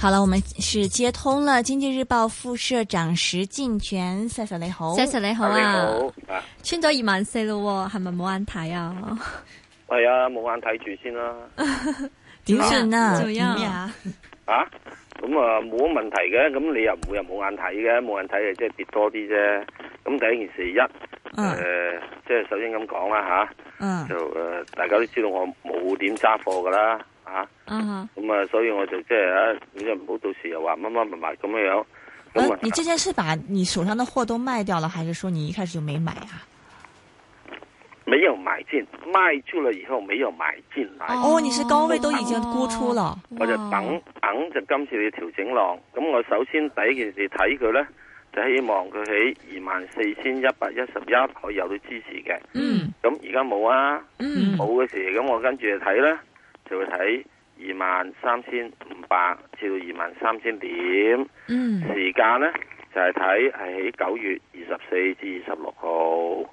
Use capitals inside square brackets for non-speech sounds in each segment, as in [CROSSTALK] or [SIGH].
好啦，我們是接通了經濟日報副社長石鏡泉，Sir，你好，Sir，你好啊，啊好，穿咗二萬四咯，係咪冇眼睇啊？係啊，冇眼睇住先啦，點算啊？仲要 [LAUGHS] 啊？咁啊冇問題嘅，咁你又唔會又冇眼睇嘅，冇眼睇嘅即係跌多啲啫。咁第一件事一誒，即係，嗯呃、首先咁講啦吓，啊嗯、就誒、呃、大家都知道我冇點揸貨噶啦。吓，咁啊，啊啊所以我就即係、啊，你就唔好到時又話乜乜乜乜咁樣樣。咁、啊，你之前是把你手上的貨都賣掉了，還是說你一開始就沒買啊？沒有買進，賣出了以後沒有買進來。哦，啊、你是高位都已經沽出了。啊啊、我就等等就今次嘅調整浪，咁我首先第一件事睇佢呢，就希望佢喺二萬四千一百一十一可以有到支持嘅。嗯。咁而家冇啊。嗯。冇嘅時，咁我跟住就睇啦。就會睇二萬三千五百至到二萬三千點，時間呢就係睇係喺九月二十四至二十六號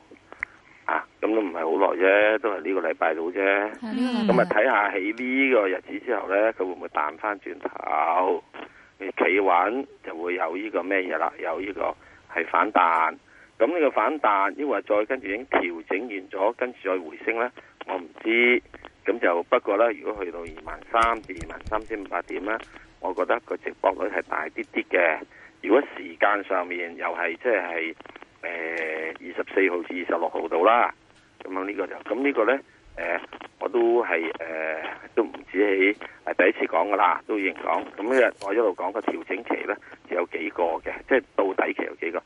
啊，咁都唔係好耐啫，都係呢個禮拜到啫。咁啊，睇下喺呢個日子之後呢，佢會唔會彈翻轉頭？你企穩就會有呢個咩嘢啦，有呢個係反彈。咁呢個反彈，因為再跟住已經調整完咗，跟住再回升呢，我唔知。咁就不過咧，如果去到二萬三至二萬三千五百點咧，我覺得個直播率係大啲啲嘅。如果時間上面又係即係誒二十四號至二十六號度啦，咁樣呢個就咁呢個咧誒，我都係誒、呃、都唔止喺第一次講噶啦，都已經講。咁我一路講個調整期咧，就有幾個嘅，即係到底期有幾個。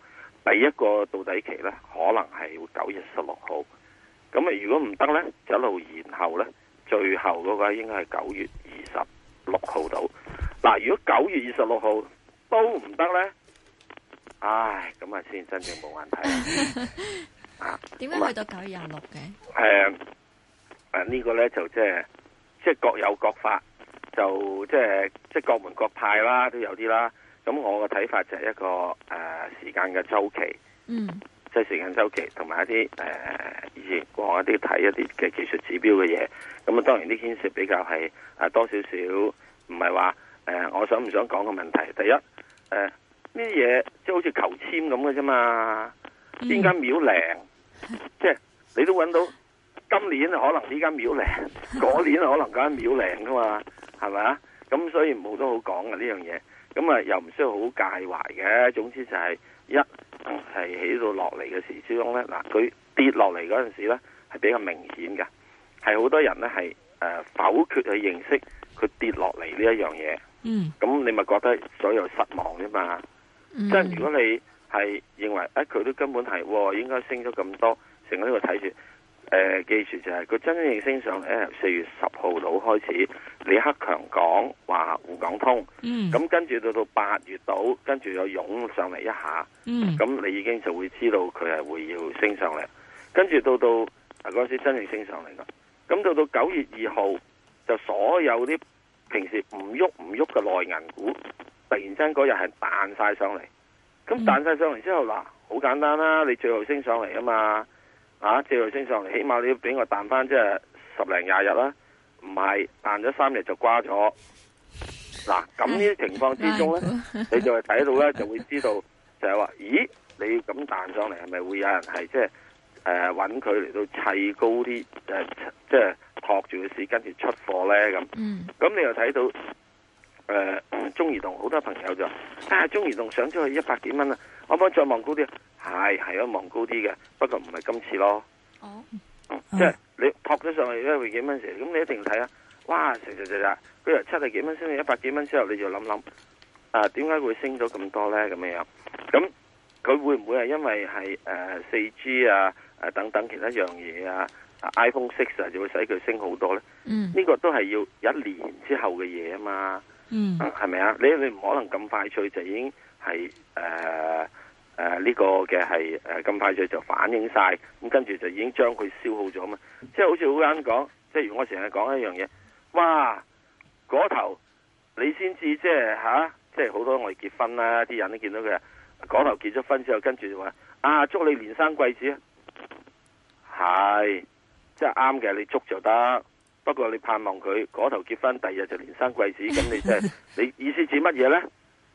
第一個到底期咧，可能係九月十六號。咁啊，如果唔得咧，就一路延後咧。最後嗰個應該係九月二十六號到，嗱，如果九月二十六號都唔得呢？唉，咁啊先真正冇問題啊！點解去到九月廿六嘅？誒誒，呃呃呃這個、呢個呢就即係即係各有各法，就即係即係各門各派啦，都有啲啦。咁我嘅睇法就係一個誒、呃、時間嘅週期。嗯。即係時間周期，同埋一啲誒、呃、以前過一啲睇一啲嘅技術指標嘅嘢。咁啊，當然啲牽涉比較係啊，多少少唔係話誒，我想唔想講嘅問題？第一誒，呢啲嘢即係好似求簽咁嘅啫嘛。邊間秒零？即係、嗯、你都揾到今年可能呢間秒零？嗰 [LAUGHS] 年可能嗰間秒零噶嘛？係咪啊？咁所以冇得好講嘅呢樣嘢。咁啊，又唔需要好介懷嘅。總之就係一係。是落嚟嘅時之中咧，嗱佢跌落嚟嗰陣時咧，係比較明顯嘅，係好多人咧係誒否決去認識佢跌落嚟呢一樣嘢。嗯，咁你咪覺得所有失望啫嘛？嗯、即係如果你係認為啊，佢都根本係應該升咗咁多，成日喺度睇住。誒、呃，記住就係、是、佢真正升上嚟。四月十號度開始，李克強講話滬港通，咁、嗯、跟住到到八月度，跟住又湧上嚟一下，咁、嗯、你已經就會知道佢係會要升上嚟，跟住到到嗰、啊、時真正升上嚟咯，咁到到九月二號就所有啲平時唔喐唔喐嘅內銀股，突然間嗰日係彈晒上嚟，咁彈晒上嚟之後嗱，好、嗯、簡單啦，你最後升上嚟啊嘛。啊，借佢升上嚟，起碼你要俾我彈翻，即係十零廿日啦，唔係彈咗三日就瓜咗。嗱、啊，咁呢啲情況之中咧， [LAUGHS] 你就係睇到咧，就會知道就係、是、話，咦，你咁彈上嚟係咪會有人係即係誒揾佢嚟到砌高啲誒，即、呃、係、呃呃、托住嘅市跟住出貨咧咁？咁、嗯、你又睇到誒、呃、中移動好多朋友就，啊，中移動上咗去一百幾蚊啦，可唔可以再望高啲啊？係係啊，望高啲嘅，不過唔係今次咯，嗯。哦，oh. oh. 即係你撲咗上去咧，會幾蚊時？咁你一定睇下，啊，哇，成成成日，佢由七十幾蚊升到一百幾蚊之後，你就諗諗啊，點解會升咗咁多咧？咁樣，咁佢會唔會係因為係誒四 G 啊誒，啊、等等其他樣嘢啊，啊 iPhone Six 啊，就會使佢升好多咧？嗯，呢個都係要一年之後嘅嘢啊嘛。嗯、mm. 啊，係咪啊？你你唔可能咁快脆就已經係誒。呃誒，呢、呃這個嘅係誒，咁、呃、快就就反映晒，咁跟住就已經將佢消耗咗嘛。即係好似好啱講，即係我成日講一樣嘢，哇！嗰頭你先至即係吓，即係好多我哋結婚啦、啊，啲人都見到佢，嗰頭結咗婚之後，跟住就話啊，祝你連生貴子啊，係即係啱嘅，你祝就得。不過你盼望佢嗰頭結婚，第二日就連生貴子，咁你即係你意思指乜嘢咧？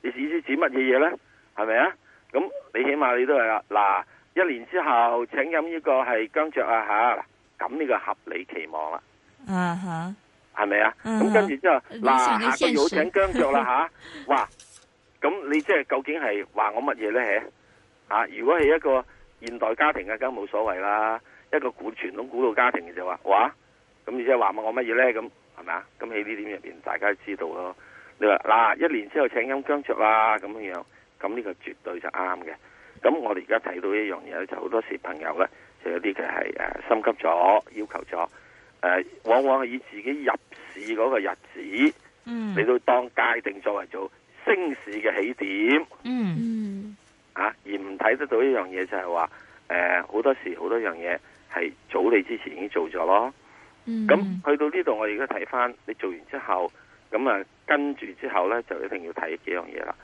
你意思指乜嘢嘢咧？係咪啊？咁你起碼你都係啦，嗱、啊、一年之後請飲呢個係薑醋啊吓，咁呢個合理期望啦，嗯吓、uh，係、huh. 咪啊？咁跟住之後嗱下個月我請薑醋啦吓，哇，咁你即係究竟係話我乜嘢咧？吓、啊，如果係一個現代家庭嘅梗冇所謂啦，一個古傳統古老家庭嘅就話哇，咁你即係話我我乜嘢咧？咁係咪啊？咁喺呢點入邊大家都知道咯。你話嗱一年之後請飲薑醋啦，咁樣樣。咁呢個絕對就啱嘅。咁我哋而家睇到一樣嘢，就好、是、多時朋友咧，就有啲嘅係誒心急咗，要求咗。誒、呃，往往係以自己入市嗰個日子，嗯，嚟到當界定作為做升市嘅起點，嗯嗯，啊、而唔睇得到一樣嘢，就係話誒，好多時好多樣嘢係早你之前已經做咗咯。咁、嗯、去到呢度，我而家睇返你做完之後，咁啊跟住之後咧，就一定要睇幾樣嘢啦。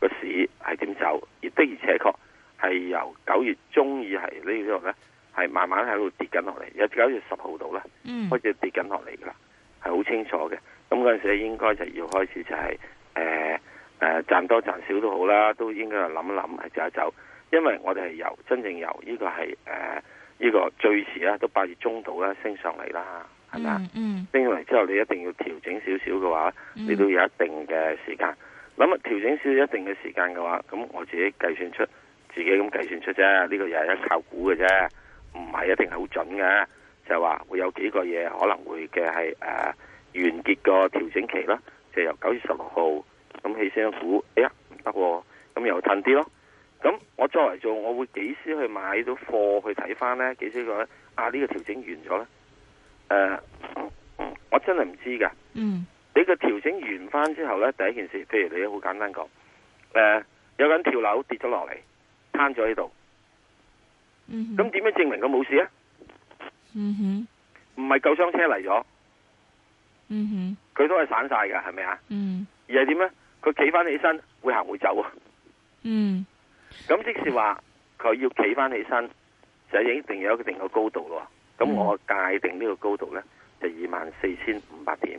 個市係點走？而的而且確係由九月中以嚟呢度咧，係慢慢喺度跌緊落嚟。由九月十號度咧，開始跌緊落嚟噶啦，係好、嗯、清楚嘅。咁嗰陣時應該就要開始就係誒誒，賺、呃、多賺少都好啦，都應該諗一諗係走一走。因為我哋係由真正由呢個係誒呢個最遲咧，到八月中度啦，升上嚟啦，係咪、嗯？嗯，升上嚟之後你一定要調整少少嘅話，你都、嗯、有一定嘅時間。諗啊，調整需要一定嘅時間嘅話，咁我自己計算出，自己咁計算出啫，呢、這個又係一靠估嘅啫，唔係一定係好準嘅。就係、是、話會有幾個嘢可能會嘅係誒完結個調整期啦，就是、由九月十六號咁起升股，哎呀唔得，咁、喔、又褪啲咯。咁我作為做，我會幾時去買到貨去睇翻咧？幾時講啊？呢、這個調整完咗呢？誒、啊，我真係唔知噶。嗯。你個調整完翻之後咧，第一件事，譬如你好簡單講，誒、呃，有個人跳樓跌咗落嚟，攤咗喺度，嗯哼，咁點樣證明佢冇事啊？嗯哼，唔係救傷車嚟咗，嗯哼，佢都係散晒噶，係咪啊？嗯，而係點咧？佢企翻起身會行會走啊？嗯，咁即是話佢要企翻起身，就已經定一定有一定嘅高度咯。咁我界定呢個高度咧就二萬四千五百點。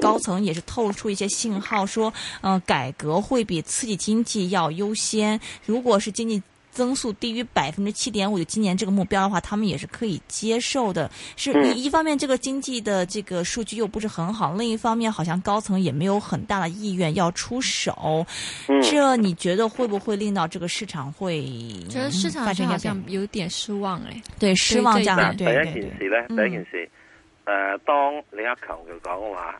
高層也是透露出一些信號，說，嗯，改革會比刺激經濟要優先。如果是經濟增速低於百分之七點五，今年這個目標的話，他們也是可以接受的。是，一方面這個經濟的這個數據又不是很好，另一方面好像高層也沒有很大的意願要出手。這你覺得會不會令到這個市場會？覺得市場好像有點失望哎，對，失望這樣。對對,對,對,對,對,對。第一件事呢，第一件事，誒、嗯呃，當李克強佢講嘅話。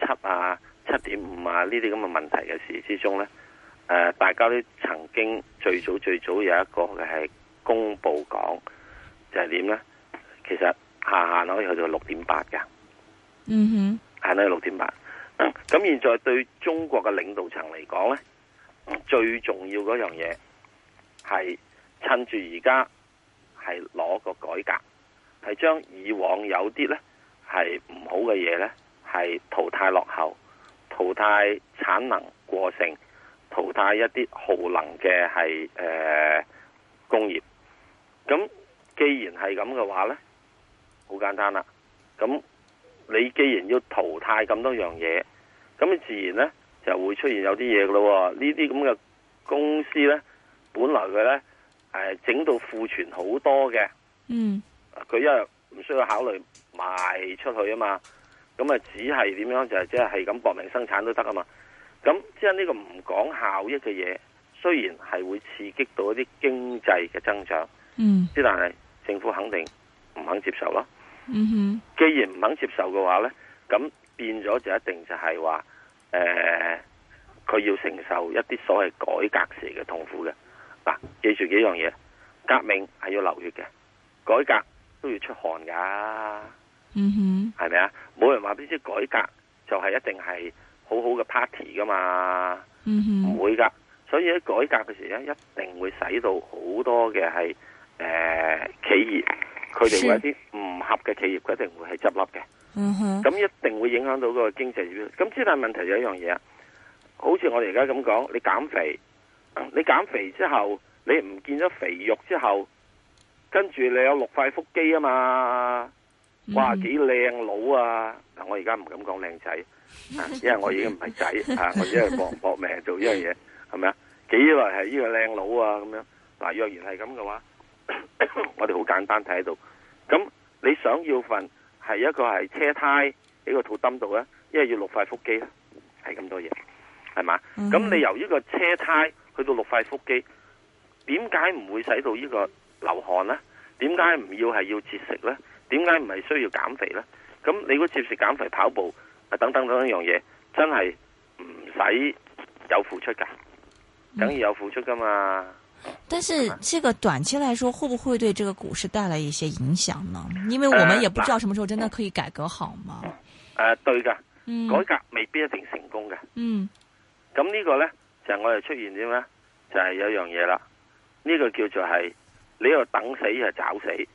誒，七、呃、啊，七點五啊，呢啲咁嘅問題嘅事之中呢，誒、呃，大家都曾經最早最早有一個係公布講，就係、是、點呢？其實下限可以去到六點八嘅，嗯、啊、哼，下限六點八。咁、mm hmm. 啊、現在對中國嘅領導層嚟講呢，最重要嗰樣嘢係趁住而家係攞個改革，係將以往有啲呢係唔好嘅嘢呢。係淘汰落後、淘汰產能過剩、淘汰一啲耗能嘅係誒工業。咁既然係咁嘅話呢，好簡單啦。咁你既然要淘汰咁多樣嘢，咁你自然呢就會出現有啲嘢咯。呢啲咁嘅公司呢，本來佢呢，誒整到庫存好多嘅，嗯，佢因為唔需要考慮賣出去啊嘛。咁啊，只係點樣就係即係咁搏命生產都得啊嘛！咁即係呢個唔講效益嘅嘢，雖然係會刺激到一啲經濟嘅增長，嗯，之但係政府肯定唔肯接受咯。嗯哼，既然唔肯接受嘅話呢，咁變咗就一定就係話，誒，佢要承受一啲所謂改革時嘅痛苦嘅。嗱，記住幾樣嘢，革命係要流血嘅，改革都要出汗噶。是是是的的嗯哼，係咪啊？冇人話啲啲改革就係一定係好好嘅 party 噶嘛，唔會噶。所以喺改革嘅時候咧，一定會使到好多嘅係誒企業，佢哋會一啲唔合嘅企業，佢一定會係執笠嘅。嗯咁是一定會影響到個經濟。咁之但問題有一樣嘢，好似我哋而家咁講，你減肥，你減肥之後，你唔見咗肥肉之後，跟住你有六塊腹肌啊嘛。哇，幾靚佬啊！嗱，我而家唔敢講靚仔，啊，因為我已經唔係仔啊，我只係搏搏命做呢樣嘢，係咪啊？幾耐係呢個靚佬啊？咁樣嗱，若然係咁嘅話， [COUGHS] 我哋好簡單睇到，咁你想要份係一個係車胎喺個肚墩度咧，一係要六塊腹肌咧，係咁多嘢，係嘛？咁 [COUGHS] 你由呢個車胎去到六塊腹肌，點解唔會使到呢個流汗咧？點解唔要係要節食咧？點解唔係需要減肥呢？咁你如果接受減肥、跑步，啊等等等等一樣嘢，真係唔使有付出噶，梗係有付出噶嘛、嗯？但是這個短期來說，會不會對這個股市帶來一些影響呢？因為我們也不知道什麼時候真的可以改革好嘛。誒、呃呃，對噶，改革未必一定成功嘅。嗯。咁呢、嗯、個呢，就係、是、我哋出現啲咩？就係、是、有一樣嘢啦，呢、這個叫做係你又等死又找死。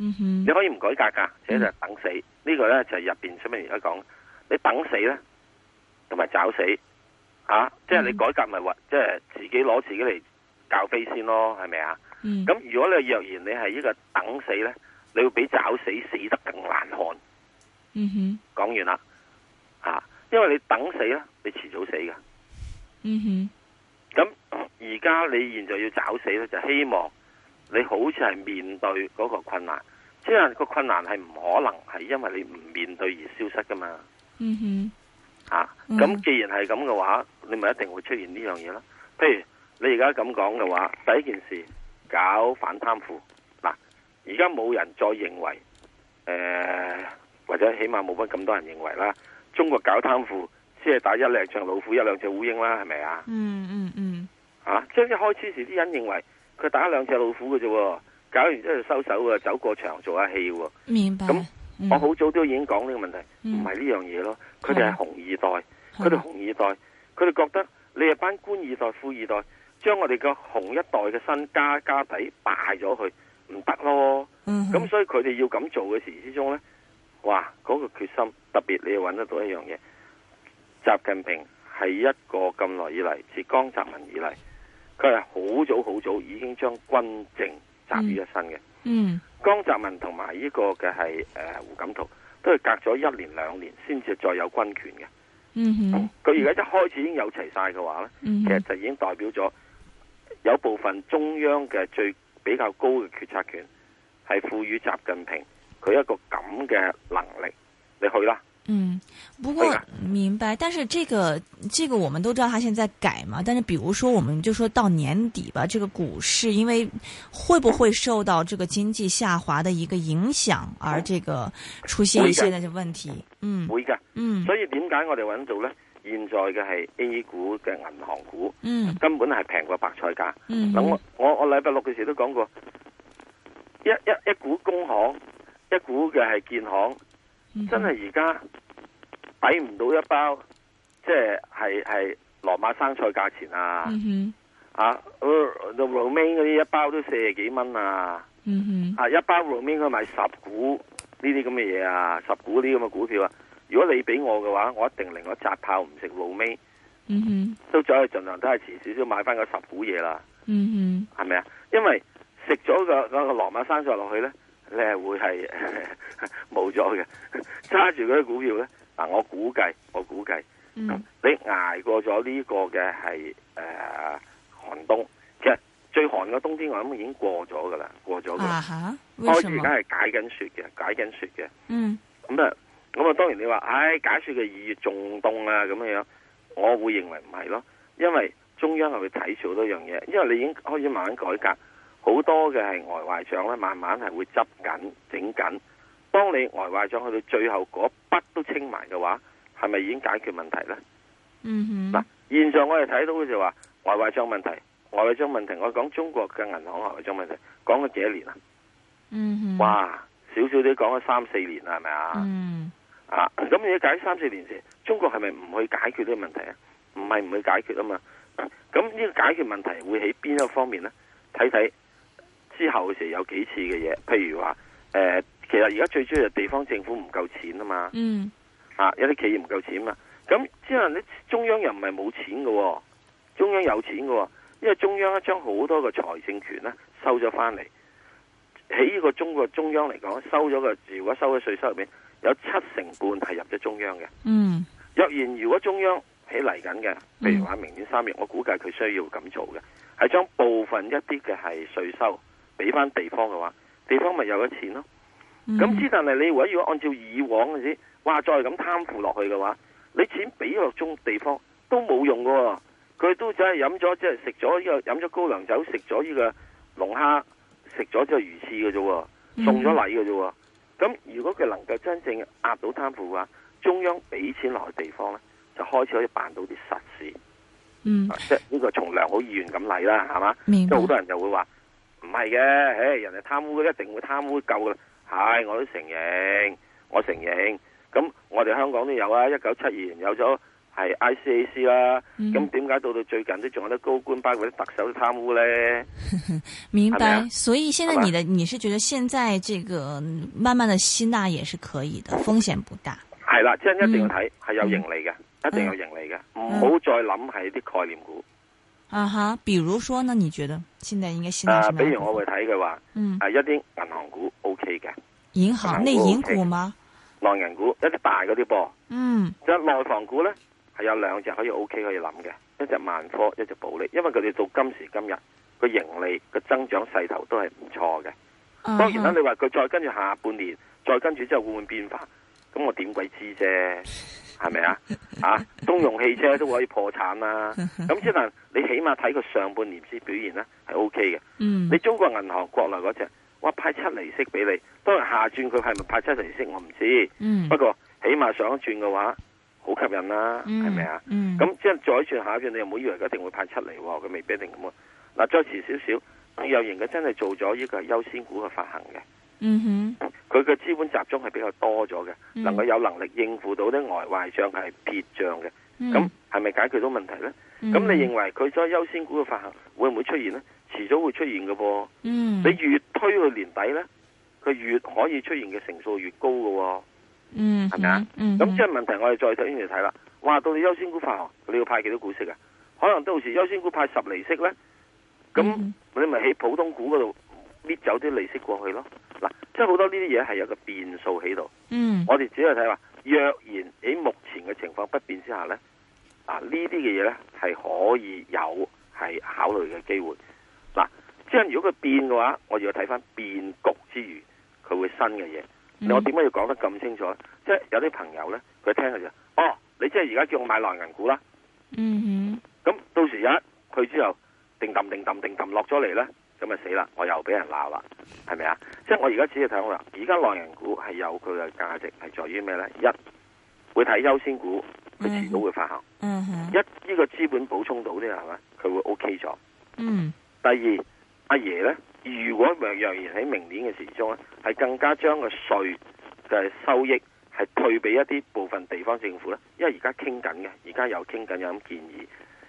你可以唔改革噶，其實就係等死。呢、嗯、個咧就係入邊，小明而家講，你等死咧，同埋找死，啊，即係你改革咪、就、話、是，即係自己攞自己嚟教飛先咯，係咪啊？咁、嗯、如果你若然你係一個等死咧，你會比找死死得更難看。講、嗯、哼完啦、啊，因為你等死咧，你遲早死噶。咁而家你現在要找死咧，就希望你好似係面對嗰個困難。即係個困難係唔可能係因為你唔面對而消失噶嘛。嗯哼、mm，hmm. mm hmm. 啊，咁既然係咁嘅話，你咪一定會出現呢樣嘢啦。譬如你而家咁講嘅話，第一件事搞反貪腐。嗱、啊，而家冇人再認為，誒、呃、或者起碼冇乜咁多人認為啦。中國搞貪腐，只係打一兩隻老虎，一兩隻烏蠅啦，係咪啊？嗯嗯嗯。Hmm. 啊，即係一開始時啲人認為佢打一兩隻老虎嘅啫。搞完之後收手啊，走過場做下戲。明白。咁那、嗯、我好早都已經講呢個問題，唔係呢樣嘢咯。佢哋係紅二代，佢哋的紅二代，佢哋的覺得你哋班官二代、富二代，將我哋個紅一代嘅身家家底敗咗去，唔得咯。咁、嗯、哼所以佢哋要咁做嘅時之中呢，哇！嗰個決心，特別你又揾得到一樣嘢。習近平係一個咁耐以嚟，自江澤民以嚟，佢係好早好早已經將軍政。集於一身嘅，嗯嗯、江澤民同埋呢個嘅係誒胡錦濤，都係隔咗一年兩年先至再有軍權嘅、嗯。嗯哼，佢而家一開始已經有齊晒嘅話咧，嗯、其實就已經代表咗有部分中央嘅最比較高嘅決策權係賦予習近平，佢一個咁嘅能力，你去啦。嗯，不過、啊、明白，但是這個這個我們都知道，它現在改嘛。但是，比如說，我們就說到年底吧，這個股市因為會不會受到這個經濟下滑的一個影響，而這個出現一些問題？嗯、哦，會㗎嗯。所以點解我哋搵到呢？現在嘅係 A 股嘅銀行股，嗯，根本係平過白菜價。嗯哼我，我我我禮拜六嘅時候都講過，一一一股工行，一股嘅係建行。Mm hmm. 真係而家抵唔到一包，即係係係羅馬生菜價錢啊！嗯、mm hmm. 啊，Romaine 嗰啲一包都四十幾蚊啊！嗯、mm hmm. 啊，一包 Romaine 佢買十股呢啲咁嘅嘢啊，十股嗰啲咁嘅股票啊！如果你俾我嘅話，我一定令我扎炮唔食 Romaine。嗯哼，都再盡量都係遲少少買翻個十股嘢啦。嗯哼、mm，係、hmm. 咪啊？因為食咗個個羅馬生菜落去咧。你係會係冇咗嘅，揸住嗰啲股票咧。嗱、啊，我估計，我估計，嗯、你捱過咗呢個嘅係誒寒冬，其實最寒嘅冬天我諗已經過咗噶啦，過咗噶啦。啊嚇，開始而家係解緊雪嘅，解緊雪嘅。嗯，咁啊，咁啊，當然你話，唉、哎，解雪嘅二月仲凍啊，咁樣樣，我會認為唔係咯，因為中央係會睇少多樣嘢，因為你已經開始慢慢改革。好多嘅係外壞賬咧，慢慢係會執緊整緊。當你外壞賬去到最後嗰筆都清埋嘅話，係咪已經解決問題呢？嗯哼。嗱，現在我哋睇到就話外壞賬問題，外壞賬問題，我講中國嘅銀行外壞賬問題，講咗幾多年啊？嗯哼。哇，少少啲講咗三四年啦，係咪啊？嗯。啊，咁你解三四年前，中國係咪唔去解決呢個問題啊？唔係唔去解決啊嘛。咁呢個解決問題會喺邊一方面呢？睇睇。之後嘅時候有幾次嘅嘢，譬如話誒、呃，其實而家最主要係地方政府唔夠錢啊嘛，嗯，啊，有啲企業唔夠錢嘛，咁、mm. 啊、之後你中央又唔係冇錢嘅、哦，中央有錢嘅、哦，因為中央咧將好多嘅財政權咧收咗翻嚟，喺呢個中國中央嚟講，收咗嘅，如果收咗稅收入面，有七成半係入咗中央嘅，嗯，mm. 若然如果中央喺嚟緊嘅，譬如話明年三月，mm. 我估計佢需要咁做嘅，係將部分一啲嘅係稅收。俾翻地方嘅話，地方咪有咗錢咯。咁之、嗯、但係你如果要按照以往嘅話，哇再咁貪腐落去嘅話，你錢俾落中地方都冇用嘅，哦，佢都只係飲咗即係食咗呢個飲咗高粱酒，食咗呢個龍蝦，食咗就魚翅嘅啫，送咗禮嘅啫。咁、嗯嗯、如果佢能夠真正壓到貪腐嘅話，中央俾錢落去地方咧，就開始可以辦到啲實事。嗯，啊、即係呢個從良好意願咁嚟啦，係嘛，白即係好多人就會話。唔係嘅，誒，人哋貪污的一定會貪污夠嘅，係、哎、我都承認，我承認。咁我哋香港都有啊，一九七二年有咗係 I C A C 啦、啊。咁點解到到最近都仲有啲高官包括啲特首貪污咧？明白，是是所以現在你嘅你是覺得現在這個慢慢的吸納也是可以的，風險不大。係啦，即、就、係、是、一定要睇，係、嗯、有盈利嘅，嗯、一定有盈利嘅，唔好、哎、呀再諗係啲概念股。啊哈，uh、huh, 比如說呢？你覺得現在應該吸納咩？啊，比如我會睇佢話，嗯，啊一啲銀行股 O K 嘅，銀行內銀股嗎、OK？內銀股一啲大嗰啲噃，浪嗯，即係內房股咧，係有兩隻可以 O、OK, K 可以諗嘅，一隻萬科，一隻保利，因為佢哋到今時今日個盈利個增長勢頭都係唔錯嘅。Uh huh. 當然啦，你話佢再跟住下半年，再跟住之後會唔會變化？咁我點鬼知啫？係咪啊？啊，通用汽車都可以破產啦、啊。咁即係你起碼睇佢上半年先表現啦，係 O K 嘅。嗯、你中國銀行國內嗰隻，哇，派七厘息俾你，當然下轉佢係咪派七厘息我唔知。嗯、不過起碼上一轉嘅話，好吸引啦，係咪啊？咁即係再轉下一轉，你又唔好以為佢一定會派七厘、哦，佢未必一定咁啊。嗱，再遲少少，佢又營佢真係做咗呢個係優先股嘅發行嘅。嗯哼，佢嘅資本集中係比較多咗嘅，嗯、能夠有能力應付到啲外壞賬係撇賬嘅，咁係咪解決到問題呢？咁、嗯、你認為佢所優先股嘅發行會唔會出現呢？遲早會出現嘅噃，嗯、你越推到年底呢，佢越可以出現嘅成數越高嘅、嗯嗯，嗯係咪啊？咁即係問題我再看，我哋再睇嚟睇啦。話到你優先股發行，你要派幾多股息啊？可能到時優先股派十厘息呢。咁你咪喺普通股嗰度。搣走啲利息過去咯，嗱，即係好多呢啲嘢係有個變數喺度。嗯，我哋只係睇話，若然喺目前嘅情況不變之下咧，啊呢啲嘅嘢咧係可以有係考慮嘅機會。嗱，即係如果佢變嘅話，我哋要睇翻變局之餘，佢會新嘅嘢。我點解要講得咁清楚？即係有啲朋友咧，佢聽佢就哦，你即係而家叫我買內銀股啦。嗯哼，咁到時一佢之後，定氹定氹定氹落咗嚟咧。咁咪死啦！我又俾人鬧啦，係咪啊？即係我而家只係睇好啦。而家內銀股係有佢嘅價值，係在於咩咧？一會睇優先股，佢遲早會發行。嗯、mm hmm. 一呢、呢個資本補充到啲係咪？佢會 OK 咗。嗯、mm。Hmm. 第二，阿爺咧，如果若然喺明年嘅時鐘咧，係更加將個稅嘅收益係退俾一啲部分地方政府咧，因為而家傾緊嘅，而家又傾緊有咁建議，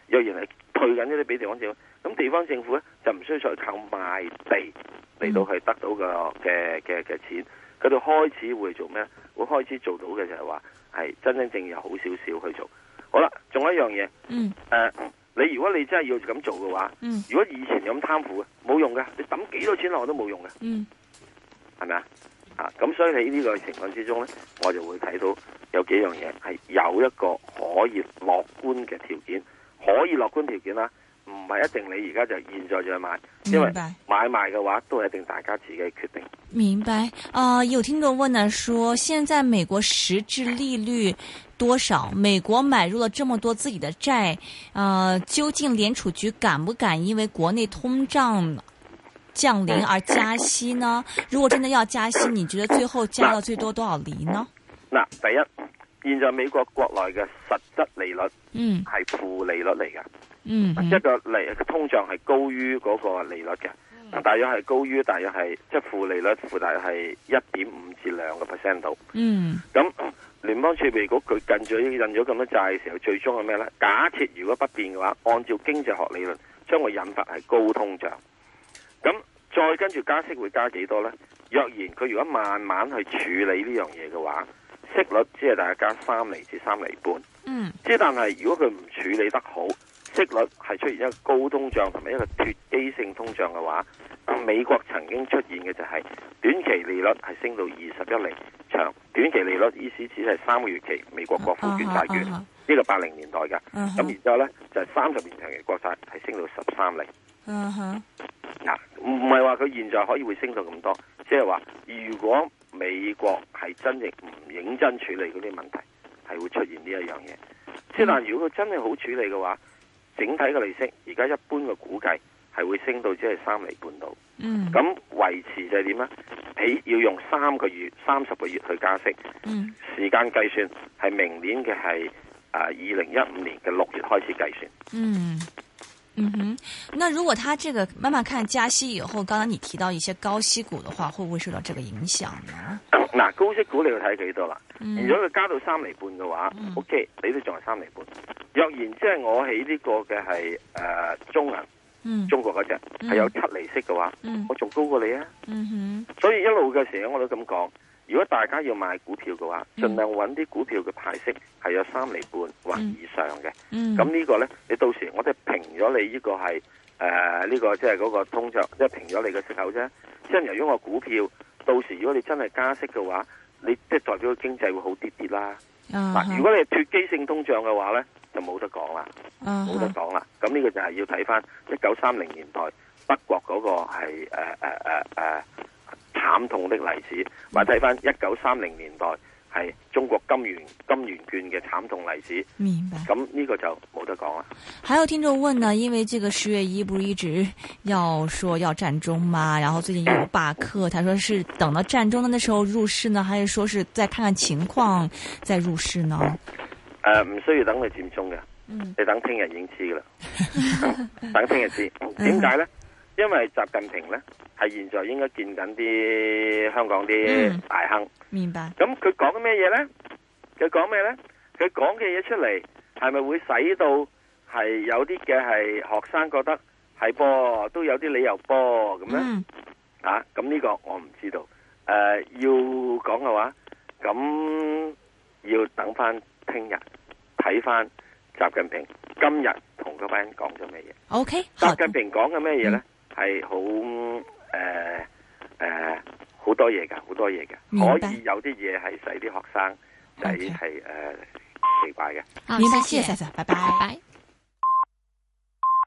若然係。去緊呢啲俾地方政府，咁地方政府咧就唔需要再靠賣地嚟到去得到個嘅嘅嘅錢，佢哋開始會做咩？會開始做到嘅就係話係真真正正好少少去做。好啦，仲有一樣嘢，誒、mm. 呃，你如果你真係要咁做嘅話，mm. 如果以前咁貪腐嘅，冇用嘅，你抌幾多錢落我都冇用嘅，係咪啊？啊，咁所以喺呢個情況之中咧，我就會睇到有幾樣嘢係有一個可以樂觀嘅條件。可以樂觀條件啦，唔係一定你而家就現在就去買，明白，因為買賣嘅話都係一定大家自己決定。明白。啊、呃，有聽眾問呢，說現在美國實質利率多少？美國買入了這麼多自己的債，啊、呃，究竟聯儲局敢不敢因為國內通脹降臨而加息呢？如果真的要加息，你覺得最後加到最多多少厘呢？嗱，第一，現在美國國內嘅實質利率。嗯，係負、mm. 利率嚟嘅，一個利通脹係高於嗰個利率嘅、mm hmm.，大約係高於，就是、大約係即係負利率負大約係一點五至兩個 percent 度。嗯，咁聯、mm hmm. 邦儲備局佢近住印咗咁多債嘅時候，最終係咩咧？假設如果不變嘅話，按照經濟學理論，將會引發係高通脹。咁再跟住加息會加幾多咧？若然佢如果慢慢去處理呢樣嘢嘅話。息率只係大家三厘至三厘半，嗯，即係但係如果佢唔處理得好，息率係出現一個高通脹同埋一個脫機性通脹嘅話，美國曾經出現嘅就係短期利率係升到二十一厘，長短期利率意思只係三個月期美國國庫券債券，呢、啊啊啊、個八零年代嘅，咁然、啊啊、之後呢就三、是、十年長期國債係升到十三厘，嗯哼、啊，嗱唔係話佢現在可以會升到咁多，即係話如果。美國係真係唔認真處理嗰啲問題，係會出現呢一樣嘢。即係，但如果佢真係好處理嘅話，整體嘅利息而家一般嘅估計係會升到即係三厘半到。嗯，咁維持就係點咧？起要用三個月、三十個月去加息。嗯，時間計算係明年嘅係啊二零一五年嘅六月開始計算。嗯。嗯哼，那如果他這個慢慢看加息以後，剛剛你提到一些高息股的話，會不會受到這個影響呢？嗱，高息股你要睇幾多啦？嗯、如果佢加到三厘半嘅話、嗯、OK，你都仲係三厘半。若然即係我喺呢個嘅係誒中銀，中、嗯、中國嗰隻係有七厘息嘅話，嗯、我仲高過你啊！嗯哼，所以一路嘅時候我都咁講。如果大家要買股票嘅話，盡量揾啲股票嘅派息係有三厘半或以上嘅。咁呢、嗯嗯、個呢，你到時我哋平咗你呢個係誒呢個即係嗰個通脹，即係平咗你嘅息口啫。即、就、為、是、由於個股票到時如果你真係加息嘅話，你即係代表個經濟會好啲啲啦。嗱、uh huh.，如果你係脫機性通脹嘅話呢，就冇得講啦，冇、uh huh. 得講啦。咁呢個就係要睇翻一九三零年代德國嗰個係誒誒慘痛的例子，或睇翻一九三零年代係中國金元金元券嘅慘痛例子。明白。咁呢個就冇得講啦。還有聽眾問呢，因為這個十月一不是一直要說要佔中嗎？然後最近又罷課，他說是等到佔中的那時候入市呢，還是說是再看看情況再入市呢？呃，唔需要等佢佔中嘅，嗯、你等聽日已經知噶啦，等聽日知。點解呢、嗯、因為習近平咧。係現在應該見緊啲香港啲大亨，明白。咁佢講咩嘢咧？佢講咩咧？佢講嘅嘢出嚟係咪會使到係有啲嘅係學生覺得係噃都有啲理由噃咁咧？啊，咁呢個我唔知道。誒，要講嘅話，咁要等翻聽日睇翻習近平今日同嗰班人講咗咩嘢。OK，習近平講嘅咩嘢咧？係好。誒誒，好、呃呃、多嘢㗎，好多嘢㗎。可以有啲嘢係使啲學生就係誒奇怪嘅。明白，謝謝晒，拜拜。 [LAUGHS] 拜拜。